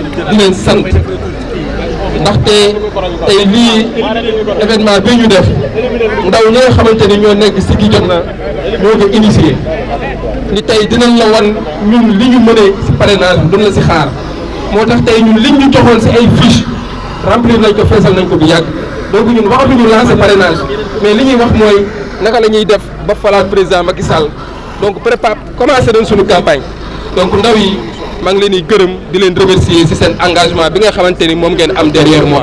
di leen sant ndaxte tey lii événement bi ñu def ndaw ñi xamante ni ñoo nekk Siggi Jotna ñoo ko initié ni tey dinañ la wan ñun li ñu mënee si parrainage bi doon la si xaar moo tax tey ñun li ñu joxoon si ay fiche remplir nañ ko feesal nañ ko bu yàgg donc ñun waxatuñu lancer parrainage mais li ñuy wax mooy naka lañuy def ba falaat président ma Macky Sall donc prépare commencé nañ suñu campagne donc ndaw yi. maa leen di gërëm di leen remercier ci seen engagement bi nga xamante ni moom ngeen am derrière moi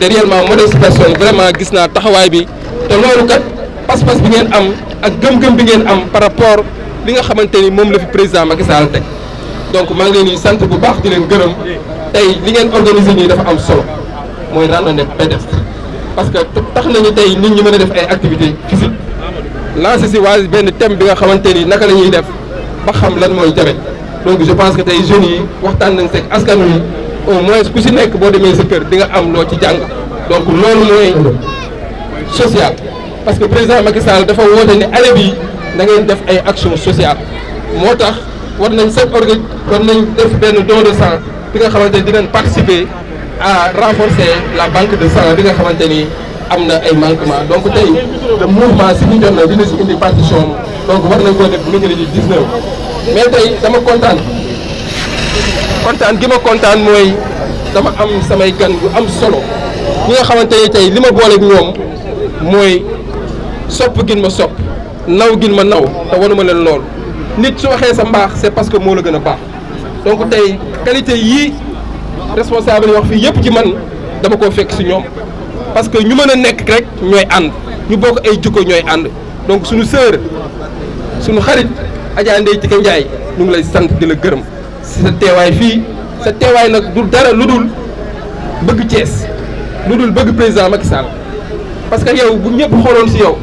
derrière moi Modeste Personne vraiment gis naa taxawaay bi te loolu kat pas-pas bi ngeen am ak gëm-gëm bi ngeen am par rapport li nga xamante ni moom la fi président Macky Sall teg donc maa ngi leen yi sant bu baax di leen gërëm tey li ngeen organiser nii dafa am solo mooy randonnée pédestre parce que tax nañu tey nit ñi mën a def ay activité physiques lancer ci waa benn thème bi nga xamante ni naka la ñuy def ba xam lan mooy jabet donc je pense que tey jeunes yi waxtaan nañ seeg askan wi au moins ku si nekk boo demee sa kër di nga am loo ci jàng donc loolu mooy social parce que président Macky Sall dafa woote ni année bii da ngeen def ay action sociale moo tax war nañ chaque orga war nañ def benn don de sang bi nga xamante ni dinañ participer a renforcer la banque de sang bi nga xamante ni am na ay manquement donc tey de mouvement si ñu jot na dina si indi partition donc war nañ koo def midi 19 mais tey dama kontaan kontaan gi ma kontaan mooy dama am samay gan bu am solo ñi nga xamante ne tey li ma booleeg ñoom mooy sopp gin ma sopp naw gin ma naw te wanuma leen lool nit su waxee sa mbaax c'est parce que moo la gën a baax donc tey qualité yii responsable yi wax fii yëpp ci man dama koo fekk si ñoom parce que ñu mën a nekk rek ñooy ànd ñu bokk ay jikko ñooy ànd donc suñu sœur suñu xarit Adja Ndeye Tické Ndiaye ñu ngi lay sant di la gërëm sa teewaay fii sa teewaay nag du dara lu dul bëgg cees lu dul bëgg président Macky Sall parce que yow bu ñëpp xooloon si yow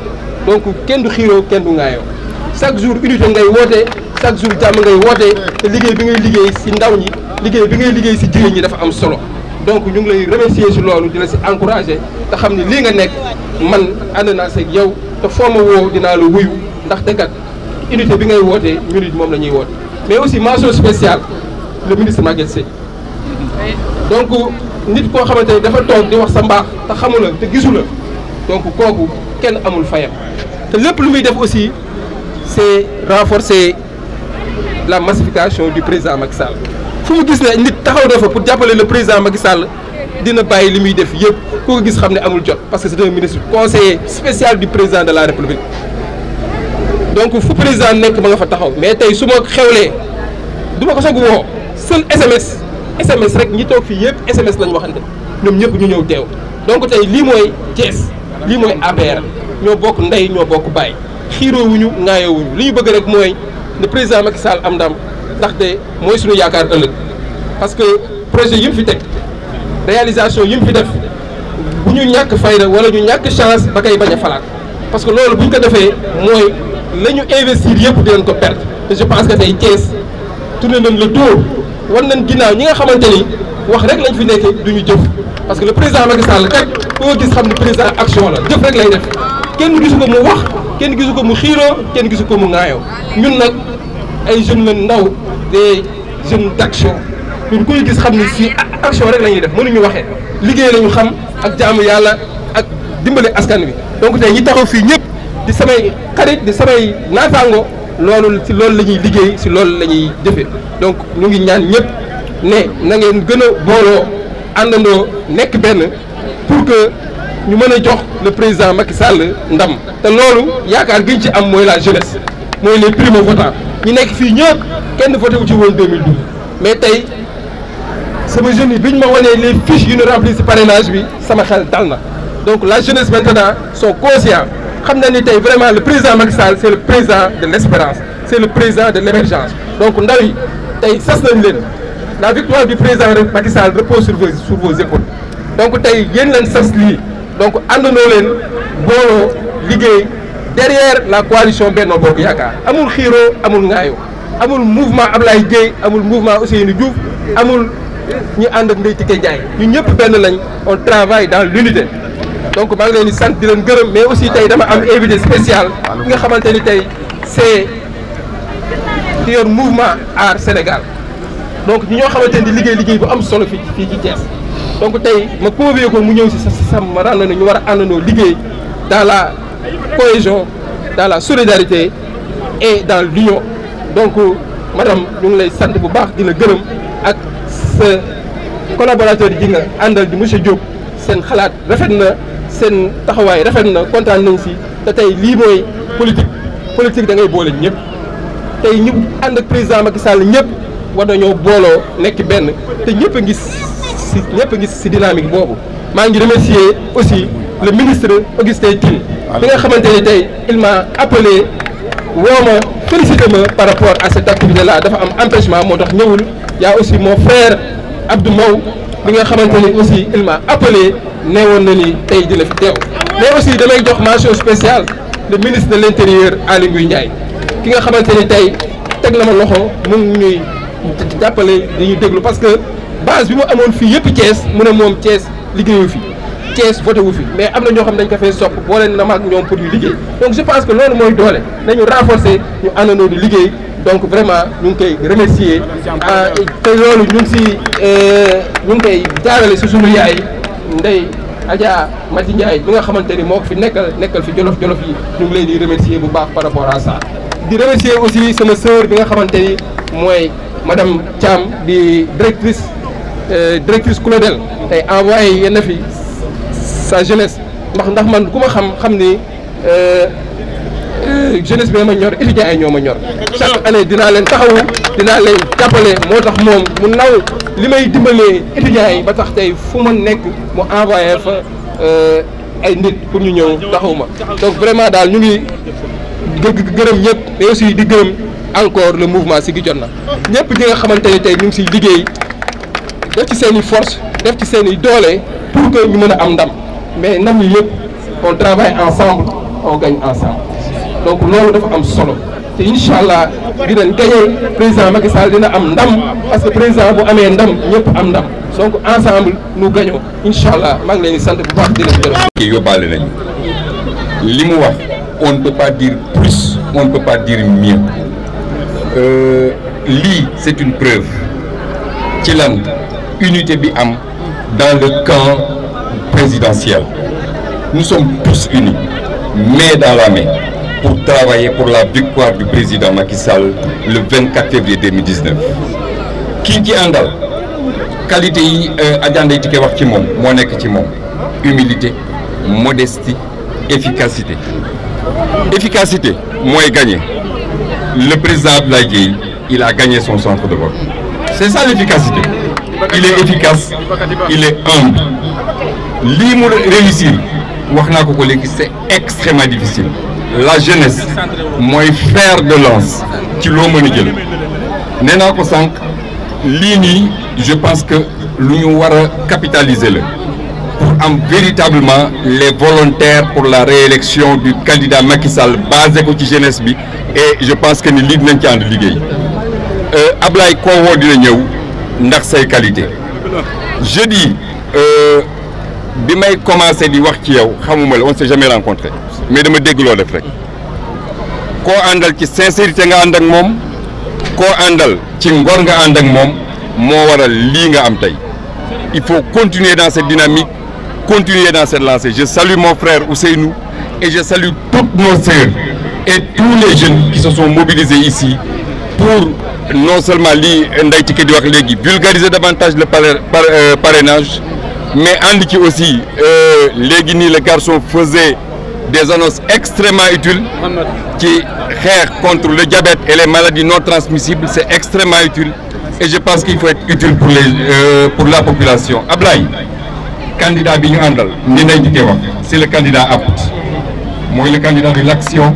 donc kenn du xiiroo kenn du ŋaayoo chaque jour unité ngay woote chaque jour jàmm ngay woote te liggéey bi ngay liggéey si ndaw ñi liggéey bi ngay liggéey si jigéen ñi dafa am solo donc ñu ngi lay remercier si loolu di si encourager te xam ni lii nga nekk man ànd naa seeg yow te foo ma woo dinaa la wuyu ndaxte kat unité bi ngay wootee ñun moom la ñuy woote mais aussi mention spéciale le ministre Maguette Sèye donc nit koo xamante ni dafa toog di wax sa mbaax te xamu la te gisu la donc kooku kenn amul fayam te lépp lu muy def aussi c'est renforcer la massification du président Macky Sall fu mu gis ne nit taxaw na fa pour jàppale la président Macky Sall dina bàyyi li muy def yëpp ku ko gis xam ne amul jot parce que c'est un ministre conseiller spécial du président de la République donc fu président nekk ba nga fa taxaw mais tey su ma xewlee du ma ko soog woo seen SMS SMS rek ñi toog fii yëpp SMS lañ waxante ñoom ñëpp ñu ñëw teew donc tey lii mooy Thiès lii mooy APR ñoo bokk ndey ñoo bokk bàyyi xiiroowuñu ŋaayoowuñu li ñu bëgg rek mooy ne président Macky Sall am ndam ndaxte mooy suñu yaakaar ëllëg parce que projet yi mu fi teg réalisation yi mu fi def bu ñu ñàkk fayda wala ñu ñàkk chance ba koy bañ a falaat parce que loolu bu ñu ko defee mooy. la ñu investir yëpp di ko perte te je pense que tey Thiès tourné nañ le dos war nañ ginnaaw ñi nga xamante ni wax rek lañ fi nekk du ñu jëf parce que le président Macky Sall kat koo gis xam ne président action la jëf rek lay def kenn gisu ko mu wax kenn gisu ko mu xiiroo kenn gisu ko mu ŋaayoo ñun nag ay jeunes la ndaw des jeunes d' action ñun kuy gis xam ni si action rek la ñuy def mënuñu waxee liggéey la ñu xam ak jaamu yàlla ak dimbale askan wi donc tey ñi taxaw fii ñëpp. di samay xarit di samay naataango loolu si loolu la ñuy liggéey si loolu la ñuy jëfe donc ñu ngi ñaan ñëpp ne na ngeen gën a booloo àndandoo nekk benn pour que ñu mën a jox le président Macky Sall ndam te loolu yaakaar giñ ci am mooy la jeunesse mooy les primo votants ñu nekk fii ñëpp kenn voté wu ci woon 2012 mais tey sama jeunes yi bi ñu ma wanee les fiches yu ñu rempli si parrainage bi sama xel dal na donc la jeunesse maintenant sont conscients xam na ni tey vraiment le président Macky Sall c' est le président de l' espérance c' est le président de l' donc ndaw tey sas nañ leen la victoire du président Macky Sall repose sur vos sur vos donc tey yéen leen sas lii donc àndandoo leen booloo liggéey derrière la coalition Benno Bokk Yaakaar amul xiiroo amul ŋaayoo amul mouvement Ablaye Dieye amul mouvement Ousseynou Diouf amul ñu ànd ak Ndeye Tické Ndiaye ñu ñëpp benn lañ on travaille dans l'unité donc maa ngi leen di sant di leen gërëm mais aussi tey dama am invité spécial ki nga xamante ni tey c'est ki yor mouvement Aar Sénégal donc ñi ñoo xamante ni liggéey liggéey bu am solo fii fii ci Thiès donc tey ma convié ko mu ñëw si sa sam ma rànd na ñu war a àndandoo liggéey dans la cohésion dans la solidarité et dans l'union donc madame ñu ngi lay sant bu baax di la gërëm ak sa collaborateur yi nga àndal di monsieur Diop seen xalaat rafet na seen taxawaay rafet na kontaan nañ si te tey lii mooy politique politique da ngay boole ñëpp tey ñu ànd ak président Macky sàll ñëpp war na nañoo booloo nekk benn te ñëpp a ngi si ñëpp a ngi si dynamique boobu maa ngi remercier aussi le ministre Augustin Tine bi nga xamante ni tey il m'a appelé woo ma félicité ma par rapport à cette activité là dafa am empêchement moo tax ñëwul y'a aussi moo frère Abdou Mbow bi nga xamante ni aussi il m'a appelé woon na ni tey dina fi teew mais aussi damay jox mention spéciale le ministre de l' intérieur Aly Ngouille Ndiaye ki nga xamante ni tey teg na ma loxo mu ngi ñuy jàppale di ñu déglu parce que base bi mu amoon fii yëpp cees mu ne moom Thiès liggéeyu fi Thiès voté wu fi mais am na ñoo xam dañ ko fee sopp boole na ma ak ñoom pour ñu liggéey donc je pense que loolu mooy doole nañu renforcer ñu àndandoo di liggéey donc vraiment ñu ngi koy remercier ah, te loolu ñu ngi si euh, ñu ngi koy jaarale si suñu yaay ndey Adja Mati Ndiaye bi nga xamante ni moo fi nekkal nekkal fi jolof jolof yi ñu ngi leen di remercier bu baax par rapport à ça di remercier aussi sama sœur bi nga xamante ni mooy madame Thiam di directrice euh, directrice Claudel tey envoyé yenn fi sa jeunesse ndax ndax man ku ma xam xam ni euh, euh, jeunesse bi ma ñor étudiants ay ñoo ma ñor chaque année dinaa leen taxawu dinaa leen jàppale moo tax moom mu naw li may dimbalee étudiants yi ba tax tey fu ma nekk mu envoyé fa euh, ay nit pour ñu ñëw taxawu ma donc vraiment daal ñu ngi gërëm ñëpp mais di gërëm encore le mouvement Siggi Jotna ñëpp ñi nga xamante ni tey ñu ngi siy liggéey def ci seen force def ci seen i doole pour que ñu mën a am ndam mais nañu yëpp on travaille ensemble on gagne ensemble donc loolu dafa am solo te incha allah dinañ gagné président Macky Sall dina am ndam parce que président bu amee ndam ñëpp am ndam donc ensemble nous gagnons incha allah maa ngi leen di sant bu baax di leen gërëm. kii yóbbaale li mu wax on ne peut pas dire plus on ne peut pas dire mieux euh, lii c'est une preuve ci lan unité bi am dans le camp. présidentielle, nous sommes tous unis, mais dans la main, pour travailler pour la victoire du président Macky Sall le 24 février 2019. kii ci àndal qualité yi euh, Adja Ndeye wax ci moom moo nekk ci moom humilité modestie efficacité efficacité mooy gagner le président Abdoulaye Dièye il a gagné son centre de vote c'est ça l'efficacité il est efficace il est humble lii mu réussi wax naa ko ko léegi c'est extrêmement difficile la jeunesse mooy fer de lance ci loo mën a jël nee naa ko sànq lii nii je pense que lu ñu war a capitaliser la pour am véritablement les volontaires pour la réélection du candidat Macky Sall basé ko ci jeunesse bi et je pense que ni lii dinañ ci ànd liggéey euh, Ablaye koo woo dina ñëw ndax say qualité je euh, bi may commencé di wax ci yow xamuma la on s'est jamais rencontré mais dama dégg loo def rek koo àndal ci sincérité nga ànd ak moom koo àndal ci ngor nga ànd ak moom moo waral lii nga am tey il faut continuer dans cette dynamique continuer dans cette lancée je salue mon frère Ousseynou et je salue toutes nos sœurs et tous les jeunes qui se sont mobilisés ici pour non seulement lii Ndeye Tické di wax léegi vulgariser davantage le euh, parrainage mais ci aussi euh, léegi nii le garson faisait des annonces extrêmement utiles qui xeex contre le diabète et les maladies non transmissibles c'est extrêmement utile et je pense qu'il faut être utile pour euh, la population Ablaye candidat bi ñu àndal ni nay di wax c'est le candidat apte mooy le candidat de l'action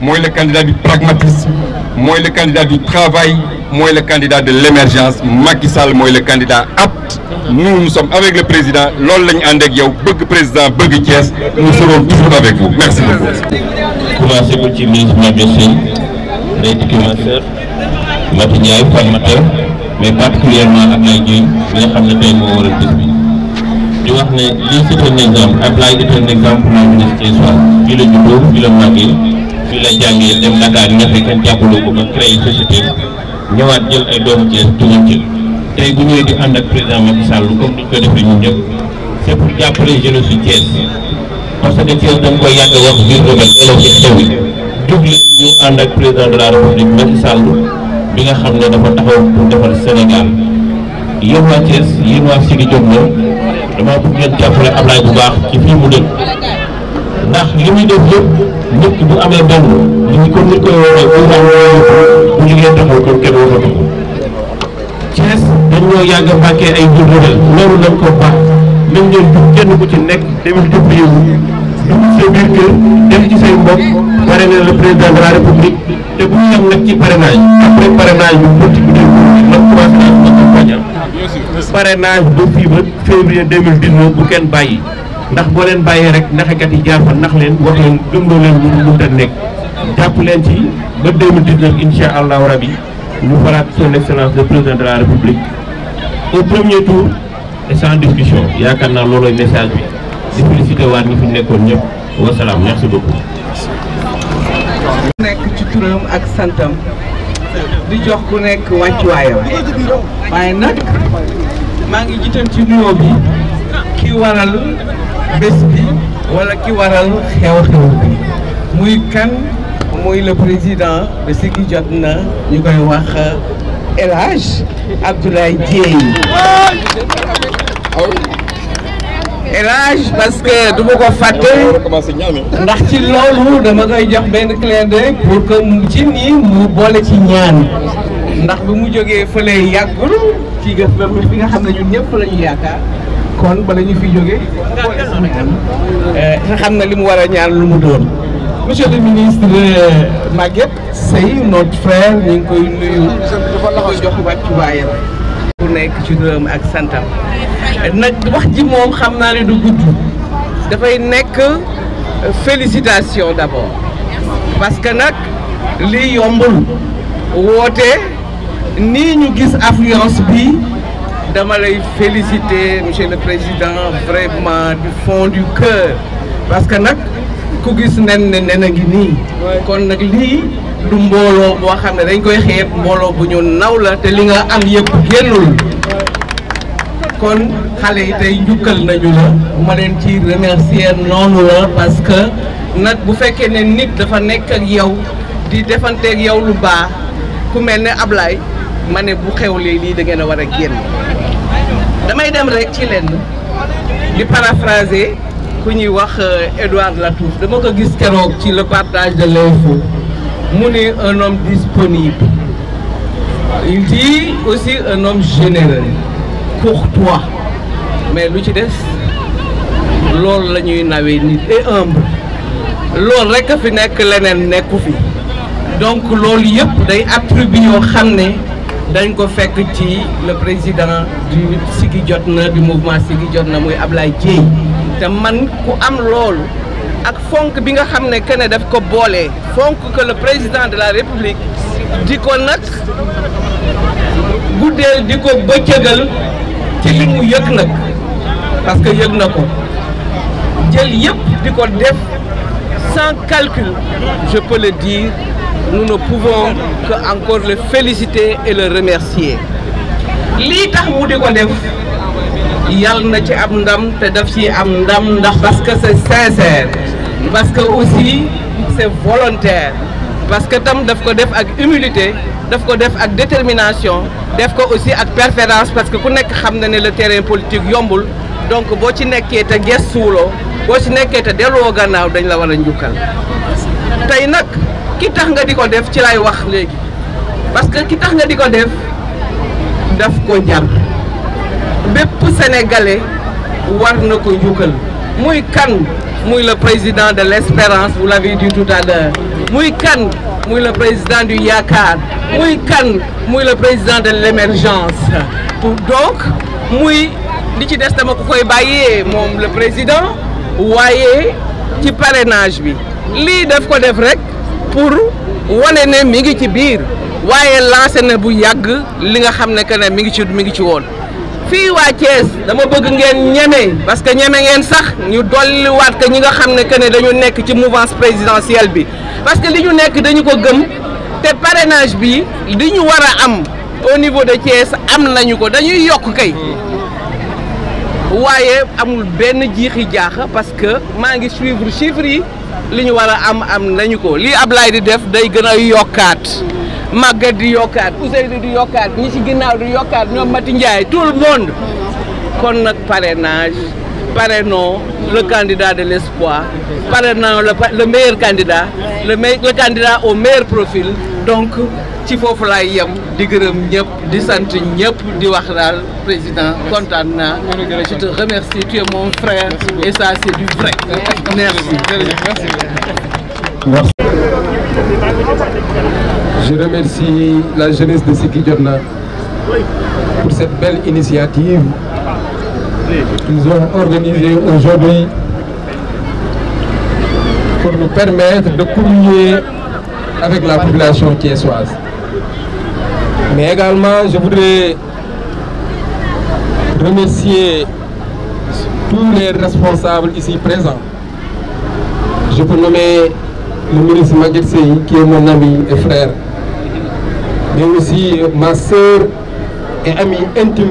mooy le candidat du pragmatisme mooy le candidat du travail mooy le candidat de l'émergence Macky Sall mooy le candidat apte mu nous sommes avec le président. Lol lañ and ak yow bëgg président bëgg Thiès. Nous serons toujours avec vous. Merci beaucoup. Commencez ko ci ministre Mabio Sène, Ndeye Tiki Massar, Mati Ndiaye, Fane mais particulièrement Ablaye Dieng bi nga xam ne tey moo waral bés wax ne lii c'est un exemple Ablaye est un exemple pour la ministre Soir fii la juddoo fii la màggee fii la jàngee dem Dakar nga fekk kenn jàppaloo ko ba créé société ñëwaat jël ay doomu Thiès tuuti Thiès. tey bu ñëwee di ànd ak président Macky Sall comme ni ñu ko defee ñun ñëpp c'est jàppale jeunesse su Thiès parce que Thiès dañ koy yàgg wax biir rebelle ëllëg ci xew ànd ak président de la République Macky Sall bi nga xam ne dafa taxaw pour defar Sénégal yéen waa Thiès yéen waa Sidi Diop la dama bëgg ngeen jàppale Ablaye bu baax ci fii mu dëkk ndax li muy def yëpp nit bu amee benn li ñu ko koy waxee bu ñu amee bu ñu leen taxaw ko kenn waxatu ko Thiès dañ ñoo yàgg a bàkkee ay jur réel loolu lañ ko baax nañ ñoom jub kenn ku ci nekk demul jub yëngu dugg sa biir kër def ci say mbokk pare na le président de la république te bu ñu nag ci parrainage après parrainage bi politique bi déglu bu kenn bàyyi ndax boo leen bàyyee rek naxekat yi jaar nax leen wax leen gëmloo leen mu mënta nekk jàpp leen ci ba 2019 incha allahu rabi ñu faraat son excellence le président de la république au premier tour et sans yaakaar naa loolooy message bi di félicité waat ñi fi nekkoon ñëpp wasalaam merci beaucoup. ci turam ak santam di jox ku nekk wàccuwaayam waaye nag maa ngi jiital ci nuyoo bi ki waral bés bi wala ki waral xew-xew bi muy kan muy le président de Siggi jot na ñu koy wax. El Hadj Abdoulaye Dièye El Hadj parce que du ko fàtte ndax ci loolu dama koy jox benn clin d'œil pour que ci nii mu boole ci ñaan ndax bu mu jógee fële yàggul ci gëf nga xam ne ñun ñëpp la ñu yaakaar kon bala ñu fi jóge boole nga xam ne li mu war a ñaan lu mu doon monsieur le ministre euh, Maguette Seye notre frère ñu ngi koy nuyu dafa ko jox wàccuwaayam ku nekk ci dërëm ak santam nag wax ji moom xam naa ne du gudd dafay nekk euh, félicitation d'abord parce que nag lii yombul woote nii ñu gis affluence bi dama lay féliciter monsieur le président vraiment du fond du cœur parce nag ku gis nen ne nen a ngi nii kon nag lii du mbooloo boo xam ne dañ koy xeeb mbooloo bu ñu naw la te li nga am yëpp génnul kon xale yi tey njukkal nañu la ma leen ci remercier noonu la parce que nag bu fekkee ne nit dafa nekk ak yow di defanteeg yow lu baax ku mel ne Ablaye ma ne bu xewlee lii da ngeen a war a génn damay dem rek ci lenn di paraphraser ku ñuy wax Edouard euh, Latouf dama ko gis keroog ci le partage de l'info mu ne un homme disponible il dit aussi un homme généreux courtois mais lu ci des loolu la ñuy nawee nit et humble loolu rek a fi nekk leneen nekku fi donc loolu yëpp day attribut yoo xam ne dañ ko fekk ci le président du Siggi Jotna du mouvement Siggi Jotna muy Ablaye Dièye te man ku am loolu ak fonk bi nga xam ne que def ko boole. fonk que le président de la république di ko nag guddeel di ko bëccëgal ci li mu yëg nag parce que yëg na ko jël yëpp di ko def sans calcul je peux le dire nous ne pouvons que encore le félicité et le remercier lii tax mu di ko def. yal na ci am ndam te daf ci am ndam ndax parce que c'est sincère parce que aussi c'est volontaire parce que tam daf ko def ak humilité daf ko def ak détermination def ko aussi ak persévérance parce que ku nekk xam na ne le terrain politique yombul donc boo ci nekkee te gestuwuloo boo ci nekkee te delluwoo gannaaw dañ la war a njukkal tey nag ki tax nga di ko def ci lay wax léegi parce que ki tax nga di ko def daf ko jar bépp sénégalais war na ko njukkal muy kan muy le président de l'espérance vous l'avez dit tout à l'heure muy kan muy le président du yaakaar muy kan muy le président de l'émergence donc muy li ci des dama ko koy bàyyee moom le président waaye ci parenage bi lii def ko def rek pour wane ne mi ngi ci biir waaye lancé na bu yàgg li nga xam ne que ne mi ngi ci mi ngi ci woon fii waa Thiès dama bëgg ngeen ñeme parce que ñeme ngeen sax ñu dolliwaat que ñi nga xam ne que ne dañu nekk ci mouvance présidentielle bi parce que li ñu nekk dañu ko gëm te parrainage bi li ñu war a am au niveau de Thiès am nañu ko dañuy yokk kay waaye amul benn jiixi jaaxa parce que maa ngi suivre chiffres yi li ñu war a am am nañu ko li Ablaye di def day gën a yokkaat Maguette di yokkaat Ousseynou di yokkaat ñi ci ginnaaw di yokkaat ñoom Mati Ndiaye tout le monde kon nag parrainage parrainons le candidat de l'espoir parrainons le le meilleur candidat le meilleur le candidat au meilleur profil donc ci foofu laay yem di gërëm ñëpp di sant ñëpp di wax laal président kontaan naa je te remercie tu es mon et ça c'est du vrai merci. merci. Je remercie la jeunesse de Siggi Jotna pour cette belle initiative qu'ils ont organisée aujourd'hui pour nous permettre de communier avec la population thiessoise. Mais également, je voudrais remercier tous les responsables ici présents. Je peux nommer le ministre Maguette qui est mon ami et frère. mais aussi euh, ma sœur et amie intime,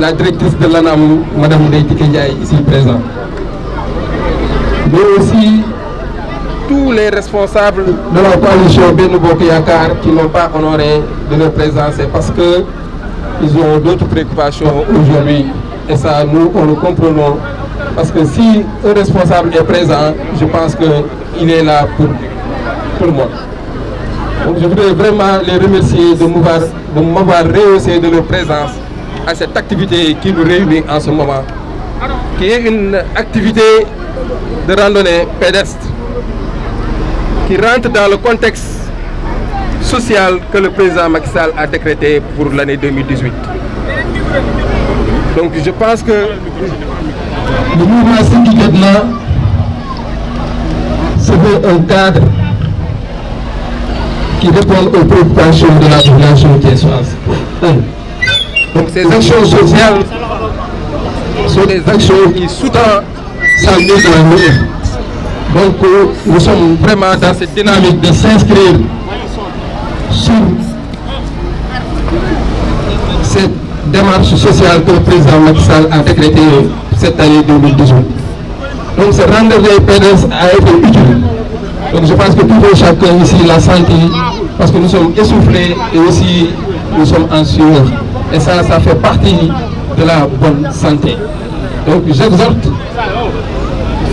la directrice de l'ANAM, Madame Deitike Ndiaye, ici présente. Mais aussi tous les responsables de la coalition Benno Bokk Yakaar qui n'ont pas honoré de leur présence, c'est parce que ils ont d'autres préoccupations aujourd'hui et ça nous on le comprenons parce que si un responsable est présent, je pense que il est là pour tout le monde. Donc je voudrais vraiment les remercier de m'avoir, de m'avoir rehaussé de leur présence à cette activité qui nous réunit en ce moment, qui est une activité de randonnée pédestre qui rentre dans le contexte social que le président Macky Sall a décrété pour l'année 2018. Donc je pense que le mouvement syndical là, c'est un cadre qui répondent aux préoccupations de la population thiessoise. Donc ces actions sociales sont des actions qui soutiennent sa Donc euh, nous sommes vraiment dans cette dynamique de s'inscrire sur cette démarche sociale que le président a décrétée cette année Donc ce rendez-vous PDS a été utile. Donc je pense que tout chacun ici la sentit parce que nous sommes essoufflés et aussi nous sommes en sueur. Et ça, ça fait partie de la bonne santé. Donc j'exhorte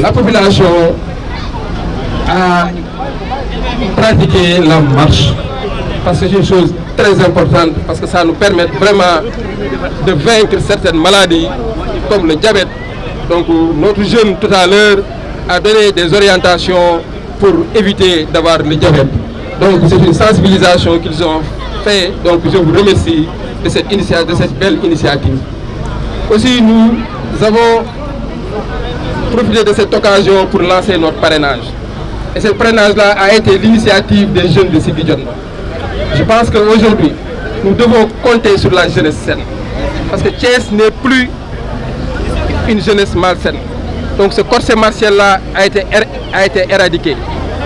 la population à pratiquer la marche parce que c'est une chose très importante parce que ça nous permet vraiment de vaincre certaines maladies comme le diabète. Donc notre jeune tout à l'heure a donné des orientations pour éviter d'avoir le diabète. Donc c'est une sensibilisation qu'ils ont fait. Donc je vous remercie de cette, initiative, de cette belle initiative. Aussi, nous avons profité de cette occasion pour lancer notre parrainage. Et ce parrainage-là a été l'initiative des jeunes de Sibidion. Je pense qu'aujourd'hui, nous devons compter sur la jeunesse saine. Parce que Thiès n'est plus une jeunesse malsaine. Donc ce corset martial-là a été, er-, a été éradiqué.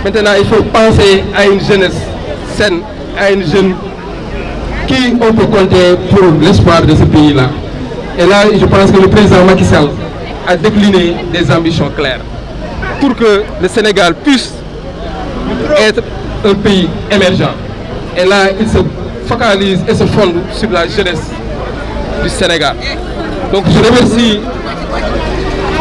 Maintenant, il faut penser à une jeunesse saine, à une jeune qui on peut compter pour l'espoir de ce pays-là. Et là, je pense que le président Macky Sall a des ambitions claires pour que le Sénégal puisse être un pays émergent. Et là, il se focalise et se fonde sur la jeunesse du Sénégal. Donc je remercie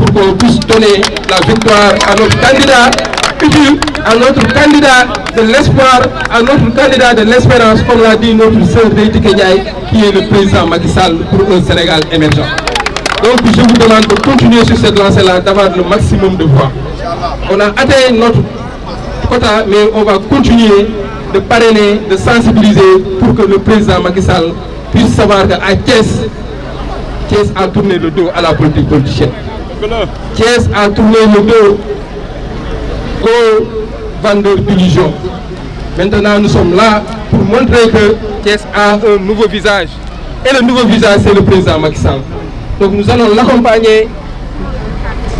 pour qu'on puisse donner la victoire à notre candidat utile, à notre candidat de l'espoir, notre candidat de l'espérance, comme l'a dit notre sœur Deïti Kenyaï, le président Macky Sall pour un Sénégal émergent. Donc je vous demande de continuer sur cette lancée-là, d'avoir le maximum de voix. On a atteint notre quota, mais on va continuer de parrainer, de sensibiliser pour que le président Macky Sall puisse savoir qu'à Thiès, Thiès a tourné le dos à la politique Thiès a tourné le dos aux vendeurs d'illusions. Maintenant, nous sommes là pour montrer que Thiès a un nouveau visage. Et le nouveau visage, c'est le président Macky Sall. Donc nous allons l'accompagner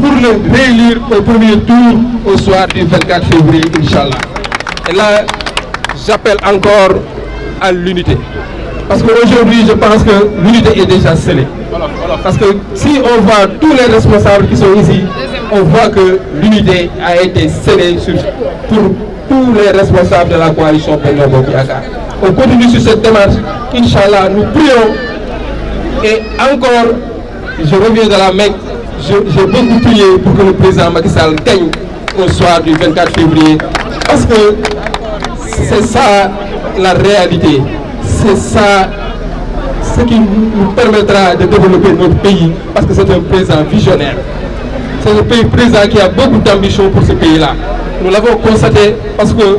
pour le réélire au premier tour au soir du 24 février, Inch'Allah. Et là, j'appelle encore à l'unité. Parce qu'aujourd'hui, je pense que l'unité est déjà scellée. Parce que si on voit tous les responsables qui sont ici, on voit que l'unité a été scellée sur, pour tous les responsables de la coalition Benno Bokiaka. On continue sur cette démarche. Inch'Allah, nous prions. Et encore, je reviens de la Mecque, j'ai beaucoup prié pour que le président Macky Sall au soir du février. Parce que c'est ça la réalité. c'est ça ce qui nous permettra de développer notre pays parce que c'est un président visionnaire. C'est un pays président qui a beaucoup d'ambition pour ce pays-là. Nous l'avons constaté parce que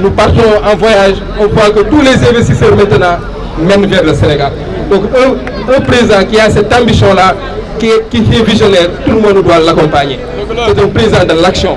nous partons en voyage, on voit que tous les investisseurs maintenant mènent vers le Sénégal. Donc un, un président qui a cette ambition-là, qui, qui est visionnaire, tout le monde doit l'accompagner. C'est un président de l'action.